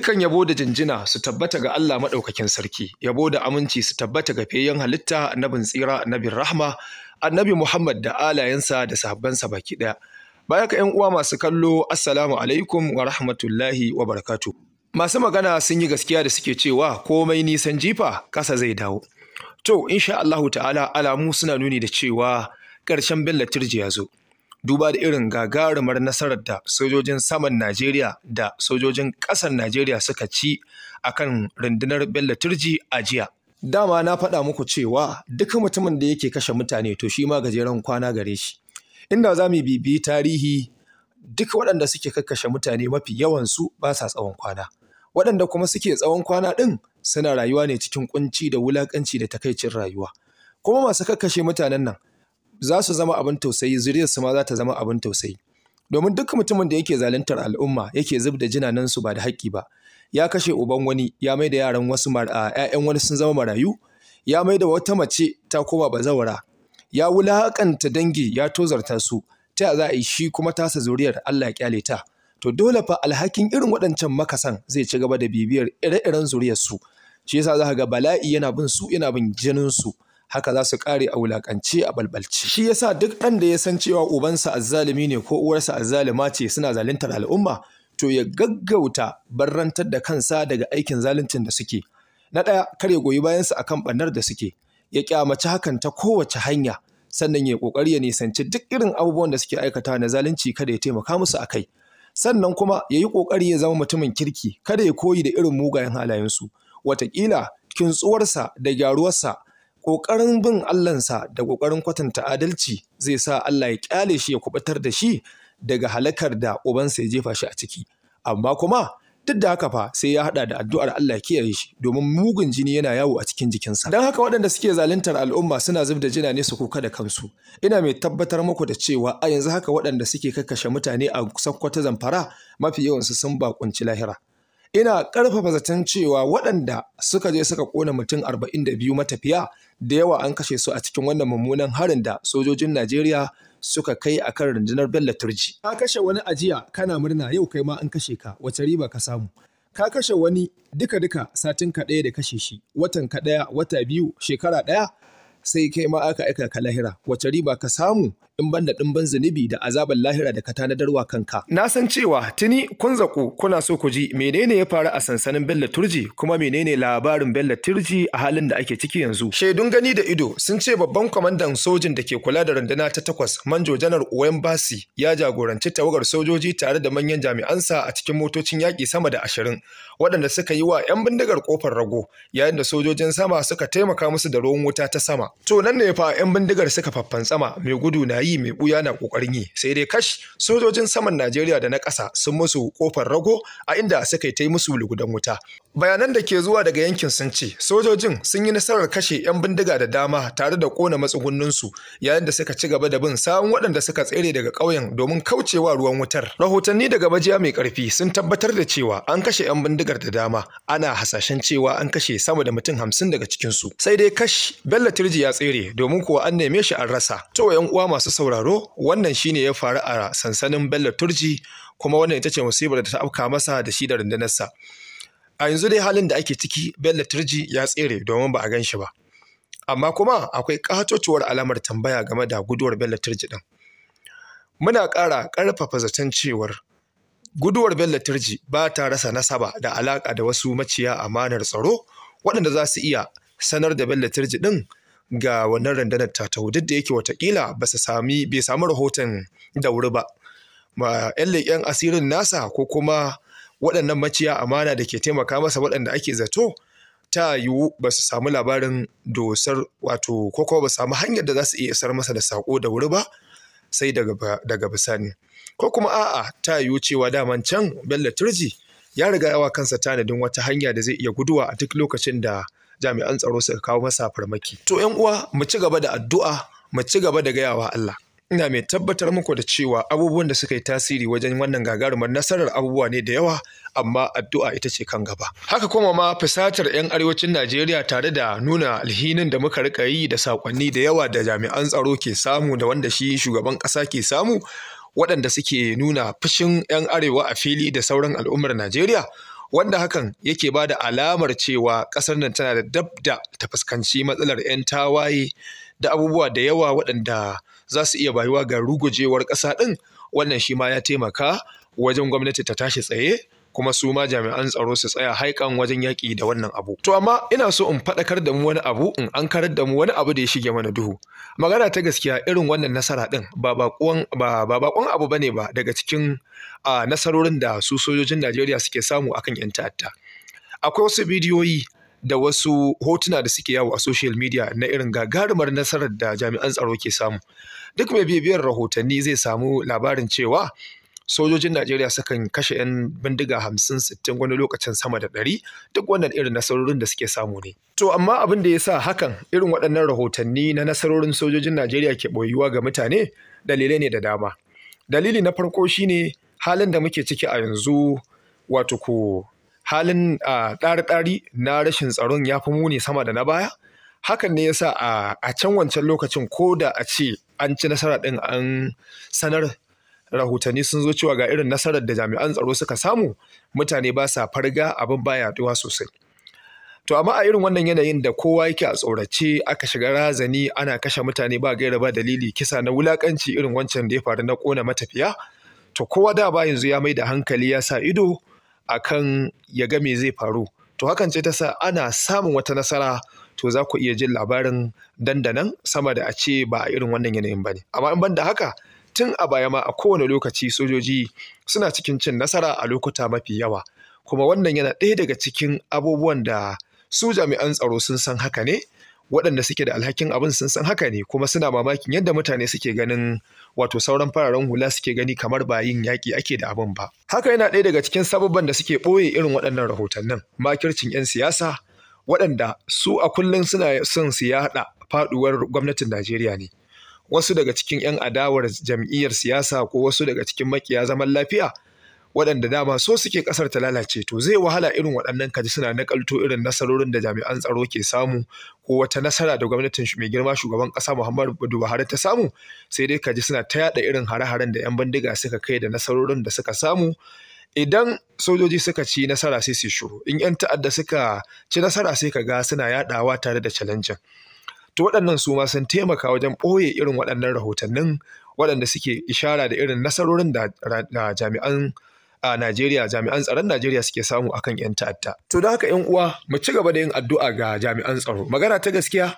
Dukkan yabo da jinjina su tabbata ga Allah maɗaukakin sarki, yabo da aminci su tabbata ga feyen halitta annabin tsira annabin rahma, annabi Muhammad da alayensa da sahabbansa baki ɗaya. Baya ka ‘yan uwa masu kallo, Assalamu alaikum wa rahmatullahi wa barakatu. Masu magana sun yi gaskiya da suke cewa komai nisan jifa kasa zai dawo. To, insha Allahu ta'ala alamu suna nuni da cewa ƙarshen Bello latirji ya zo. duba da irin gagarumar nasarar da sojojin saman Najeriya da sojojin ƙasar Najeriya suka ci a kan rundunar Bello Turji a jiya. Dama na faɗa muku cewa duk mutumin da yake kashe mutane to shi ma gajeren kwana gare shi. Inda za mu bibi tarihi duk waɗanda suke kakkashe mutane mafi yawansu ba sa tsawon kwana. Waɗanda kuma suke tsawon kwana ɗin suna rayuwa ne cikin kunci da wulaƙanci da takaicin rayuwa. Kuma masu kakkashe mutanen nan za su zama abin tausayi su ma za ta zama abin tausayi domin duk mutumin da yake zaluntar al'umma yake zub da jinanansu ba da haƙƙi ba ya kashe uban wani ya mai da yaran wasu ƴaƴan wani sun zama marayu ya mai da wata mace ta koma bazawara ya wulaƙanta dangi ya tozarta su ta za a yi shi kuma tasa zuriyar Allah ya kyale ta to dole fa alhakin irin waɗancan makasan zai ci gaba da bibiyar ire-iren zuriyarsu shi yasa za ka ga bala'i yana bin su yana bin jinin su haka za su kare a wulakance a balbalci shi yasa duk ɗan da ya san cewa ubansa azzalimi ne ko uwarsa azzalima ce suna zaluntar al'umma to ya gaggauta barrantar da kansa daga aikin zaluncin da suke na ɗaya kar ya goyi bayansa a kan ɓannar da suke ya kyamaci hakan ta kowace hanya sannan ya ƙoƙari ya nisanci duk irin abubuwan da suke aikata na zalunci kada ya taimaka musu a kai sannan kuma ya yi ƙoƙari ya zama mutumin kirki kada ya koyi da irin mugayen halayensu wataƙila kintsuwarsa da gyaruwarsa ƙoƙarin bin Allahnsa da ƙoƙarin kwatanta adalci zai sa Allah ya ƙyale shi ya kuɓatar da shi daga halakar da ubansa ya jefa shi a ciki. Amma kuma duk da haka fa sai ya haɗa da addu'ar Allah ya kiyaye shi domin mugun jini yana yawo a cikin jikinsa. Don haka waɗanda suke zaluntar al'umma suna zub da jina ne su kuka da kansu. Ina mai tabbatar muku da cewa a yanzu haka waɗanda suke kakkashe mutane a Sokoto Zamfara mafi yawansu sun baƙunci lahira. ina ƙarfafa zaton cewa waɗanda suka je suka ƙona mutum arba'in da biyu matafiya da yawa an kashe su a cikin wannan mummunan harin da sojojin Najeriya suka kai a kan rundunar Bello Turji. Ka kashe wani ajiya kana murna yau kai ma an kashe ka wace riba ka samu. Ka kashe wani duka-duka satin ka ɗaya da kashe shi watan ka ɗaya wata biyu shekara ɗaya sai kai ma aka aika ka lahira wace riba ka samu ɗimban ban da ɗimban zunubi da azabar lahira da ka tanadarwa kanka. Na san cewa tuni kun zaku kuna so ku ji menene ya faru a sansanin Bello Turji kuma menene labarin Bello Turji a halin da ake ciki yanzu. Shaidun gani da ido sun ce babban kwamandan sojin da ke kula da runduna ta takwas Manjo Janar Uwayen Basi ya jagoranci tawagar sojoji tare da manyan jami'ansa a cikin motocin yaƙi sama da ashirin waɗanda suka yi wa 'yan bindigar ƙofar rago yayin da sojojin sama suka taimaka musu da ruwan wuta ta sama. To nan ne fa 'yan bindigar suka faffan sama mai gudu na yi yi mai buya na kokarin yi sai dai kash sojojin saman Najeriya da na ƙasa sun musu ƙofar rago a inda suka yi ta musu lugudan wuta Bayanan da ke zuwa daga yankin sun ce sojojin sun yi nasarar kashe 'yan bindiga da dama tare da kona matsugunninsu yayin da suka ci gaba da bin sawun waɗanda suka tsere daga ƙauyen domin kaucewa ruwan wutar. Rahotanni daga majiya mai ƙarfi sun tabbatar da cewa an kashe 'yan bindigar da dama ana hasashen cewa an kashe sama da mutum hamsin daga cikinsu. Sai dai kash Bello Turji ya tsere domin kuwa an neme shi an rasa. To 'yan uwa masu sauraro wannan shine ya faru a sansanin Bello Turji kuma wannan ita ce musibar da ta afka masa da shi da rundunarsa. a yanzu dai halin da ake ciki bello turji ya tsere domin ba a gan shi ba amma kuma akwai katotuwar alamar tambaya game da guduwar bello turji din muna ƙara ƙarfafa zaton cewar guduwar bello turji ba ta rasa nasaba da alaƙa da wasu maciya amanar tsaro waɗanda za su iya sanar da bello turji din ga wannan rundunar ta duk da yake watakila ba su sami bai samu rahoton da wuri ba ma 'yan leƙen asirin nasa ko kuma waɗannan maciya amana da ke taimaka masa waɗanda ake zato ta yiwu ba su samu labarin dosar wato ko kuma ba samu hanyar da za su iya isar masa da saƙo da wuri ba sai daga bisani ko kuma a'a ta yiwu cewa daman can bello turji ya riga yawa kansa tanadin wata hanya da zai iya guduwa a duk lokacin da jami'an tsaro suka kawo masa farmaki to yan uwa mu ci gaba da addu'a mu ci gaba da gayawa Allah ina mai tabbatar muku da cewa abubuwan da suka yi tasiri wajen wannan gagarumar nasarar abubuwa ne da yawa amma addu'a ita ce kan gaba haka kuma ma fusatar 'yan arewacin najeriya tare da nuna alhinin da muka rika yi da sakonni da yawa da jami'an tsaro ke samu da wanda shi shugaban ƙasa ke samu waɗanda suke nuna fushin 'yan arewa a fili da sauran al'ummar najeriya wanda hakan yake ba da alamar cewa ƙasar nan tana da dab da ta fuskanci matsalar 'yan tawaye da abubuwa da yawa waɗanda za su iya bayuwa ga rugujewar ƙasa ɗin wannan shi ma ya taimaka wajen gwamnati ta tashi tsaye kuma su ma jami'an tsaro su tsaya haikan wajen yaƙi da wannan abu. To amma ina so in faɗakar da mu wani abu in an karar da mu wani abu da ya shige mana duhu. Magana ta gaskiya irin wannan nasara ɗin ba baƙon abu bane ba daga cikin nasarorin da su sojojin Najeriya suke samu akan 'yan ta'adda. Akwai wasu bidiyoyi da wasu hotuna da suke yawo a social media na irin gagarumar nasarar da jami'an tsaro ke samu duk mai bibiyar rahotanni zai samu labarin cewa sojojin najeriya sukan kashe 'yan bindiga hamsin sittin wani lokacin sama da ɗari duk wannan irin nasarorin da suke samu ne to amma abin da ya sa hakan irin waɗannan rahotanni na nasarorin sojojin najeriya ke ɓoyuwa ga mutane dalilai ne da dama dalili na farko shine halin da muke ciki a yanzu wato ko halin ɗari-ɗari na rashin tsaron ya fi muni sama da na baya hakan ne ya sa a can wancan lokacin ko da a ce an ci nasara ɗin an sanar rahotanni sun zo cewa ga irin nasarar da jami'an tsaro suka samu mutane ba sa farga abin baya yaduwa sosai to amma a irin wannan yanayin da kowa yake a tsorace aka shiga razani ana kashe mutane ba gaira ba dalili kisa na wulakanci irin wancan da ya faru na kona matafiya to kowa da ba yanzu ya mai da hankali ya sa ido akan ya ga me zai faru to hakan ce ta sa ana samun wata nasara to za ku iya jin labarin dandanan sama da a ce ba a irin wannan yanayin ba ne amma in ban da haka tun a baya ma a kowane lokaci sojoji suna cikin cin nasara a lokuta mafi yawa kuma wannan yana ɗaya daga cikin abubuwan da su jami'an tsaro sun san haka ne waɗanda suke da alhakin abin sun san haka ne kuma suna mamakin yadda mutane suke ganin wato sauran fararen hula suke gani kamar ba yin yaƙi ake da abin ba haka yana ɗaya daga cikin sababban da suke ɓoye irin waɗannan rahotannin makircin 'yan siyasa waɗanda su a kullum suna son su yaɗa faɗuwar gwamnatin Najeriya ne wasu daga cikin 'yan adawar jam'iyyar siyasa ko wasu daga cikin makiya zaman lafiya waɗanda dama so suke ƙasar ta lalace to zai wahala irin waɗannan kaji suna nakalto irin nasarorin da jami'an tsaro ke samu ko wata nasara da gwamnatin mai girma shugaban ƙasa Muhammadu Buhari ta samu sai dai kaji suna ta yaɗa irin hare-haren da 'yan bindiga suka kai da nasarorin da suka samu idan sojoji suka ci nasara sai su shiru in 'yan ta'adda suka ci nasara sai ka ga suna yaɗawa tare da challenge to waɗannan su ma sun taimaka wajen ɓoye irin waɗannan rahotannin waɗanda suke ishara da irin nasarorin da jami'an a Najeriya jami'an tsaron Najeriya suke samu akan 'yan ta'adda. To da haka 'yan uwa mu ci gaba da yin addu'a ga jami'an tsaro. Magana ta gaskiya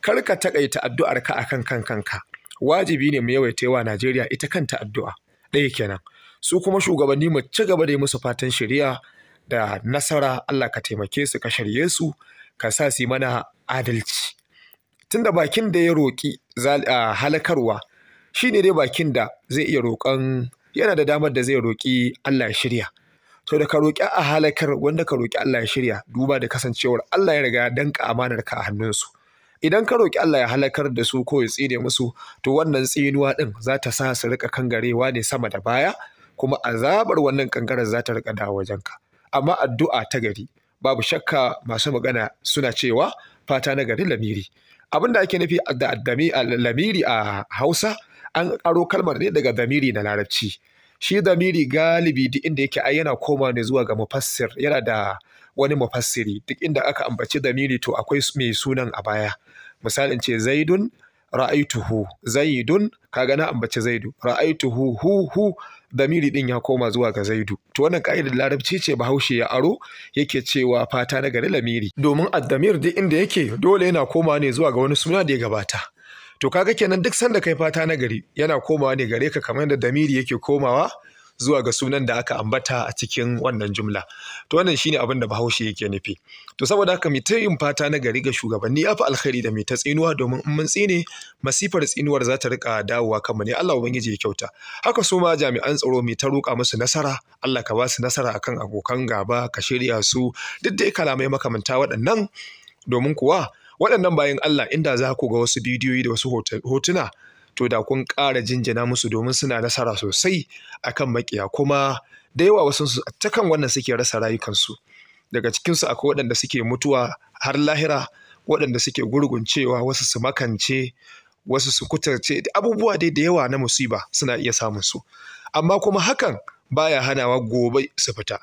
kar ka takaita addu'ar ka akan kan kanka. Wajibi ne mu yawaita wa Najeriya ita kanta addu'a. Ɗaya kenan. Su kuma shugabanni mu ci gaba da yi musu fatan shari'a da nasara Allah ka taimake su ka shirye su ka sa su mana adalci. Tunda bakin da ya roƙi halakarwa shine dai bakin da zai iya roƙon yana da damar da zai roƙi Allah ya shirya to da ka roƙi a halakar wanda ka roƙi Allah ya shirya duba da kasancewar Allah ya riga danka amanar ka a hannunsu idan ka roƙi Allah ya halakar da su ko ya tsine musu to wannan tsinuwa ɗin za ta sa su rika kangarewa ne sama da baya kuma azabar wannan kangarar za ta rika dawo wajenka amma addu'a ta gari babu shakka masu magana suna cewa fata na gari lamiri abin da ake nufi da lamiri a Hausa an aro kalmar ne daga damiri na larabci shi damiri galibi duk inda yake ai yana koma ne zuwa ga mufassir yana da wani mufassiri duk inda aka ambaci damiri, to akwai mai sunan a baya misalin ce zaidun ra'aituhu zaidun kaga na ambaci zaidu ra'aituhu hu hu damiri din ya koma zuwa ga zaidu to wannan ka'idar larabci ce bahaushe ya aro yake cewa fata na gari lamiri domin addamir duk inda yake dole yana koma ne zuwa ga wani suna da ya gabata to kaga kenan duk sanda kai fata na gari yana komawa ne gare ka kamar yadda damiri yake komawa zuwa ga sunan da aka ambata a cikin wannan jumla to wannan shine abin da bahaushe yake nufi to saboda haka mi yin fata na gari ga shugabanni afa alkhairi da mai ta tsinuwa domin in mun tsine masifar tsinuwar za ta rika dawowa kanmu ne Allah ubangiji ya kyauta haka su ma jami'an tsaro mi ta roƙa musu nasara Allah ka ba su nasara akan abokan gaba ka shirya su duk da kalamai makamanta waɗannan domin kuwa waɗannan bayan Allah inda za ku ga wasu bidiyoyi da wasu hotuna to da kun ƙara jinjina musu domin suna nasara sosai a kan makiya kuma da yawa wasu su ta kan wannan suke rasa rayukansu daga cikinsu akwai waɗanda suke mutuwa har lahira waɗanda suke gurguncewa wasu su makance wasu su kutarce abubuwa dai da yawa na musiba suna iya samun su amma kuma hakan baya hanawa gobe su fita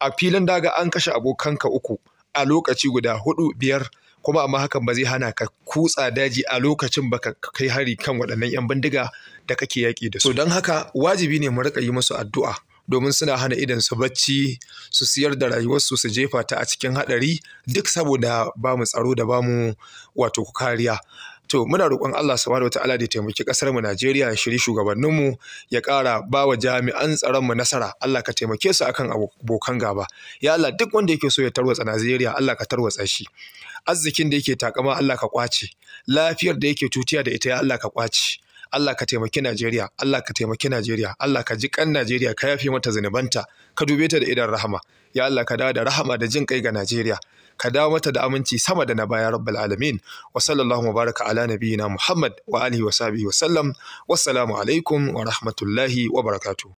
a filin daga an kashe abokanka uku a lokaci guda hudu biyar kuma amma hakan ba zai hana ka kutsa daji a lokacin ba ka kai hari kan waɗannan 'yan bindiga da kake yaƙi da su. don haka wajibi ne mu riƙa yi musu addu'a domin suna hana idan su bacci su siyar da rayuwarsu su jefa ta a cikin haɗari duk saboda ba mu tsaro da ba mu wato kariya. To muna roƙon Allah subhanahu wata'ala da taimaki ƙasar mu Najeriya ya shiri shugabannin mu ya ƙara ba wa jami'an tsaron mu nasara Allah ka taimake su akan abokan gaba. Ya Allah duk wanda yake so ya tarwatsa Najeriya Allah ka tarwatsa shi. arzikin da yake takama Allah ka kwace lafiyar da yake tutiya da ita ya Allah ka kwace Allah ka taimaki Najeriya Allah ka taimaki Najeriya Allah ka ji kan Najeriya ka yafe mata zanubanta ka dube ta da idan rahama ya Allah ka dawo da rahama da jin kai ga Najeriya ka dawo mata da aminci sama da na baya rabbal alamin wa sallallahu baraka ala nabiyyina Muhammad wa alihi wa sahbihi wa sallam wassalamu alaikum wa rahmatullahi wa barakatuh